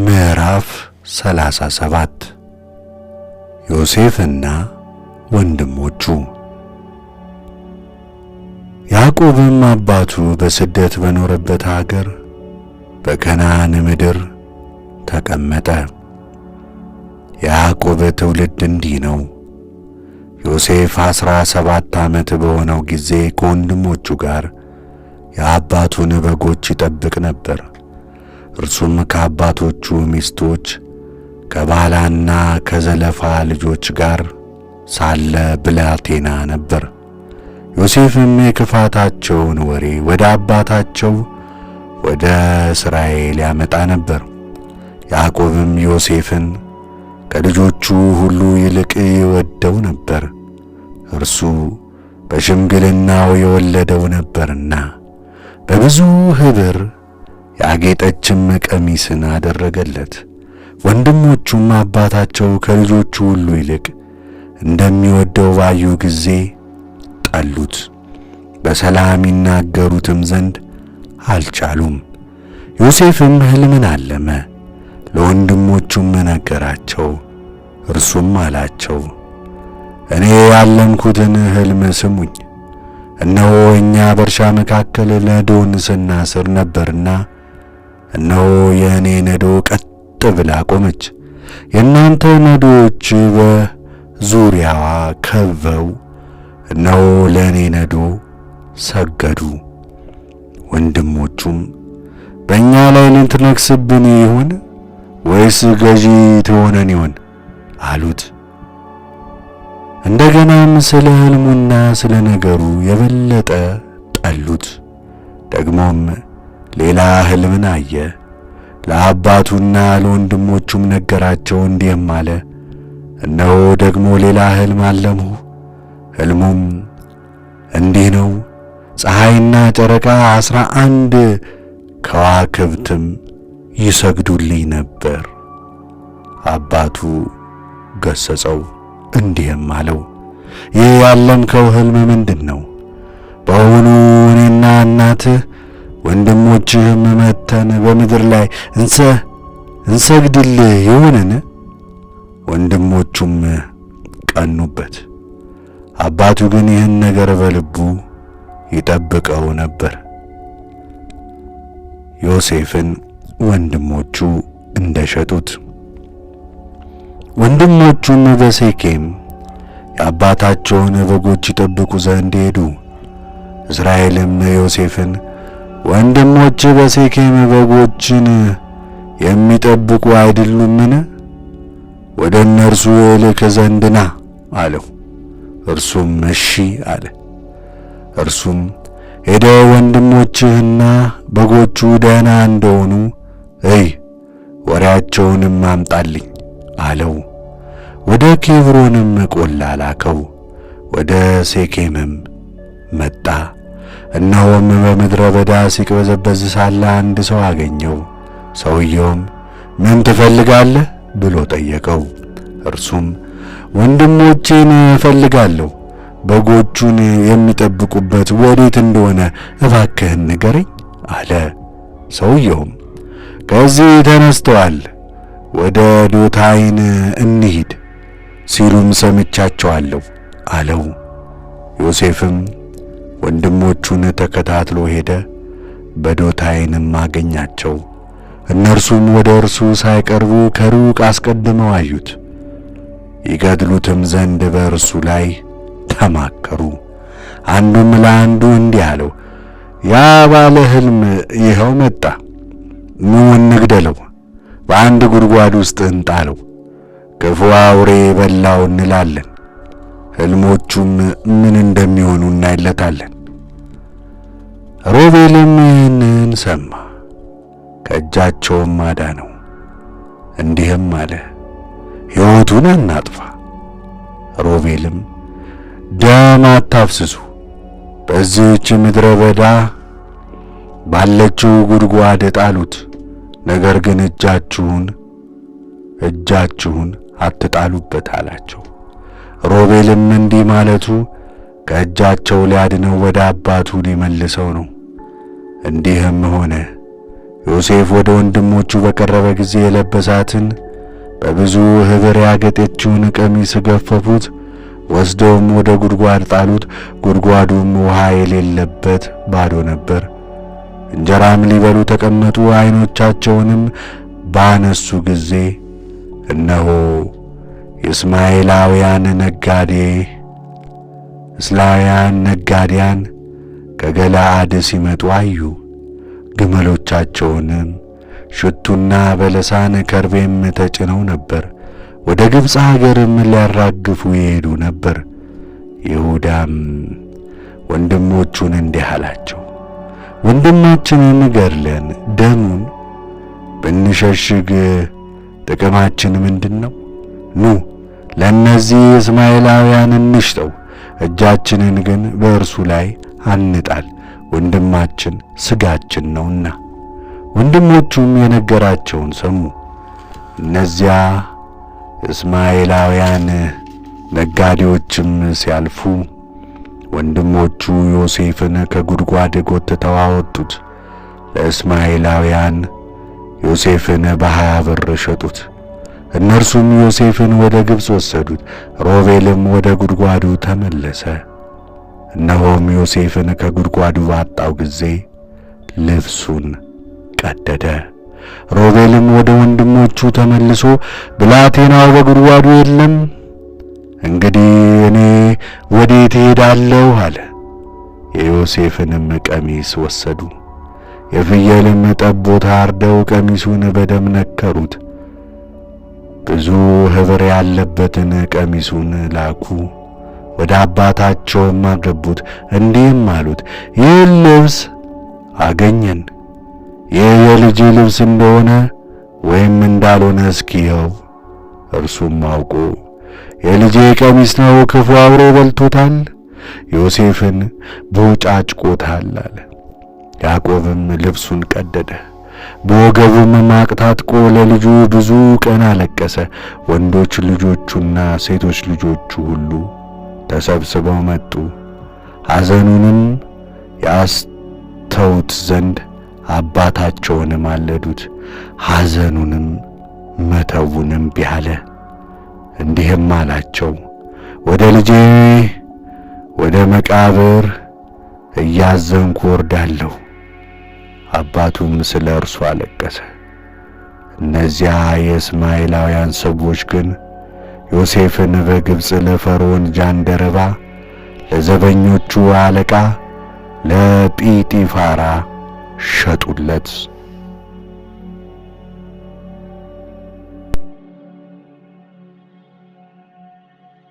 ምዕራፍ 37 ዮሴፍና ወንድሞቹ። ያዕቆብም አባቱ በስደት በኖረበት አገር በከናን ምድር ተቀመጠ። ያዕቆብ ትውልድ እንዲህ ነው። ዮሴፍ 17 ሰባት ዓመት በሆነው ጊዜ ከወንድሞቹ ጋር የአባቱን በጎች ይጠብቅ ነበር። እርሱም ከአባቶቹ ሚስቶች ከባላና ከዘለፋ ልጆች ጋር ሳለ ብላቴና ነበር። ዮሴፍም የክፋታቸውን ወሬ ወደ አባታቸው ወደ እስራኤል ያመጣ ነበር። ያዕቆብም ዮሴፍን ከልጆቹ ሁሉ ይልቅ ይወደው ነበር፣ እርሱ በሽምግልናው የወለደው ነበርና በብዙ ኅብር ያጌጠችም ቀሚስን አደረገለት። ወንድሞቹም አባታቸው ከልጆቹ ሁሉ ይልቅ እንደሚወደው ባዩ ጊዜ ጠሉት፣ በሰላም ይናገሩትም ዘንድ አልቻሉም። ዮሴፍም ሕልምን አለመ፣ ለወንድሞቹም ነገራቸው። እርሱም አላቸው፣ እኔ ያለምኩትን ሕልም ስሙኝ። እነሆ እኛ በእርሻ መካከል ለዶን ስናስር ነበርና እነሆ የእኔ ነዶ ቀጥ ብላ ቆመች፣ የእናንተ ነዶዎች በዙሪያዋ ከበው እነሆ ለእኔ ነዶ ሰገዱ። ወንድሞቹም በእኛ ላይ ልትነግሥብን ይሆን ወይስ ገዢ ትሆነን ይሆን አሉት። እንደገናም ስለ ሕልሙና ስለ ነገሩ የበለጠ ጠሉት። ደግሞም ሌላ ሕልምን አየ። ለአባቱና ለወንድሞቹም ነገራቸው፣ እንዲህም አለ፣ እነሆ ደግሞ ሌላ ሕልም አለምሁ። ሕልሙም እንዲህ ነው፣ ፀሐይና ጨረቃ ዐሥራ አንድ ከዋክብትም ይሰግዱልኝ ነበር። አባቱ ገሰጸው፣ እንዲህም አለው፣ ይህ ያለምከው ሕልም ምንድን ነው? በውኑ እኔና እናትህ ወንድሞችህም መተን በምድር ላይ እንሰ እንሰግድልህ ይሁንን? ወንድሞቹም ቀኑበት። አባቱ ግን ይህን ነገር በልቡ ይጠብቀው ነበር። ዮሴፍን ወንድሞቹ እንደሸጡት ወንድሞቹም በሴኬም የአባታቸውን በጎች ይጠብቁ ዘንድ ሄዱ። እስራኤልም ዮሴፍን ወንድሞች በሴኬም በጎችን የሚጠብቁ አይደሉምን? ወደ እነርሱ እልክ ዘንድ ና አለው። እርሱም እሺ አለ። እርሱም ሄደ፣ ወንድሞችህና በጎቹ ደህና እንደሆኑ እይ፣ ወሬያቸውንም አምጣልኝ አለው። ወደ ኬብሮንም ቆላ ላከው፣ ወደ ሴኬምም መጣ። እነሆም በምድረ በዳ ሲቅበዘበዝ ሳለ አንድ ሰው አገኘው። ሰውየውም ምን ትፈልጋለህ ብሎ ጠየቀው። እርሱም ወንድሞቼን እፈልጋለሁ፣ በጎቹን የሚጠብቁበት ወዴት እንደሆነ እባክህን ንገረኝ አለ። ሰውየውም ከዚህ ተነስተዋል፣ ወደ ዶታይን እንሂድ ሲሉም ሰምቻቸዋለሁ አለው። ዮሴፍም ወንድሞቹን ተከታትሎ ሄደ። በዶታይንም አገኛቸው። እነርሱም ወደ እርሱ ሳይቀርቡ ከሩቅ አስቀድመው አዩት። ይገድሉትም ዘንድ በእርሱ ላይ ተማከሩ። አንዱም ለአንዱ እንዲህ አለው፣ ያ ባለ ሕልም ይኸው መጣ። ኑ እንግደለው፣ በአንድ ጉድጓድ ውስጥ እንጣለው፣ ክፉ አውሬ በላው እንላለን። ሕልሞቹም ምን እንደሚሆኑ እናይለታለን። ሮቤልም ይህንን ሰማ፣ ከእጃቸውም ነው እንዲህም አለ፣ ሕይወቱን አናጥፋ። ሮቤልም ደም አታፍስሱ፣ በዚህች ምድረ በዳ ባለችው ጉድጓድ ጣሉት፣ ነገር ግን እጃችሁን እጃችሁን አትጣሉበት አላቸው። ሮቤልም እንዲህ ማለቱ ከእጃቸው ሊያድነው ወደ አባቱ ሊመልሰው ነው። እንዲህም ሆነ ዮሴፍ ወደ ወንድሞቹ በቀረበ ጊዜ የለበሳትን በብዙ ኅብር ያጌጠችውን ቀሚስ ገፈፉት፣ ወስደውም ወደ ጉድጓድ ጣሉት። ጉድጓዱም ውሃ የሌለበት ባዶ ነበር። እንጀራም ሊበሉ ተቀመጡ። ዐይኖቻቸውንም ባነሱ ጊዜ እነሆ የእስማኤላውያን ነጋዴ እስላውያን ነጋዴያን ከገለዓድ ሲመጡ አዩ። ግመሎቻቸውንም ሽቱና በለሳን ከርቤም ተጭነው ነበር። ወደ ግብፅ አገርም ሊያራግፉ ይሄዱ ነበር። ይሁዳም ወንድሞቹን እንዲህ አላቸው፣ ወንድማችንን ገድለን ደሙን ብንሸሽግ ጥቅማችን ምንድን ነው? ኑ ለእነዚህ እስማኤላውያን እንሽጠው፣ እጃችንን ግን በእርሱ ላይ አንጣል፣ ወንድማችን ስጋችን ነውና። ወንድሞቹም የነገራቸውን ሰሙ። እነዚያ እስማኤላውያን ነጋዴዎችም ሲያልፉ ወንድሞቹ ዮሴፍን ከጉድጓድ ጎትተው አወጡት። ለእስማኤላውያን ዮሴፍን በሀያ ብር ሸጡት። እነርሱም ዮሴፍን ወደ ግብፅ ወሰዱት። ሮቤልም ወደ ጉድጓዱ ተመለሰ። እነሆም ዮሴፍን ከጉድጓዱ ባጣው ጊዜ ልብሱን ቀደደ። ሮቤልም ወደ ወንድሞቹ ተመልሶ ብላቴናው በጉድጓዱ የለም፣ እንግዲህ እኔ ወዴት እሄዳለሁ አለ። የዮሴፍንም ቀሚስ ወሰዱ፣ የፍየልም ጠቦት አርደው ቀሚሱን በደም ነከሩት። ብዙ ኅብር ያለበትን ቀሚሱን ላኩ። ወደ አባታቸውም አገቡት፣ እንዲህም አሉት፣ ይህ ልብስ አገኘን። ይህ የልጅ ልብስ እንደሆነ ወይም እንዳልሆነ እስኪየው። እርሱም አውቆ የልጄ ቀሚስ ነው፣ ክፉ አውሬ በልቶታል፣ ዮሴፍን ቦጫጭቆታል አለ። ያዕቆብም ልብሱን ቀደደ፣ በወገቡም ማቅ ታጥቆ ለልጁ ብዙ ቀን አለቀሰ። ወንዶች ልጆቹና ሴቶች ልጆቹ ሁሉ ተሰብስበው መጡ። ሐዘኑንም ያስተውት ዘንድ አባታቸውን ማለዱት። ሐዘኑንም መተውንም ቢያለ እንዲህም አላቸው፣ ወደ ልጄ ወደ መቃብር እያዘንኩ ወርዳለሁ። አባቱም ስለ እርሱ አለቀሰ። እነዚያ የእስማኤላውያን ሰዎች ግን ዮሴፍን በግብፅ ለፈርዖን ጃንደረባ ለዘበኞቹ አለቃ ለጲጢፋራ ሸጡለት።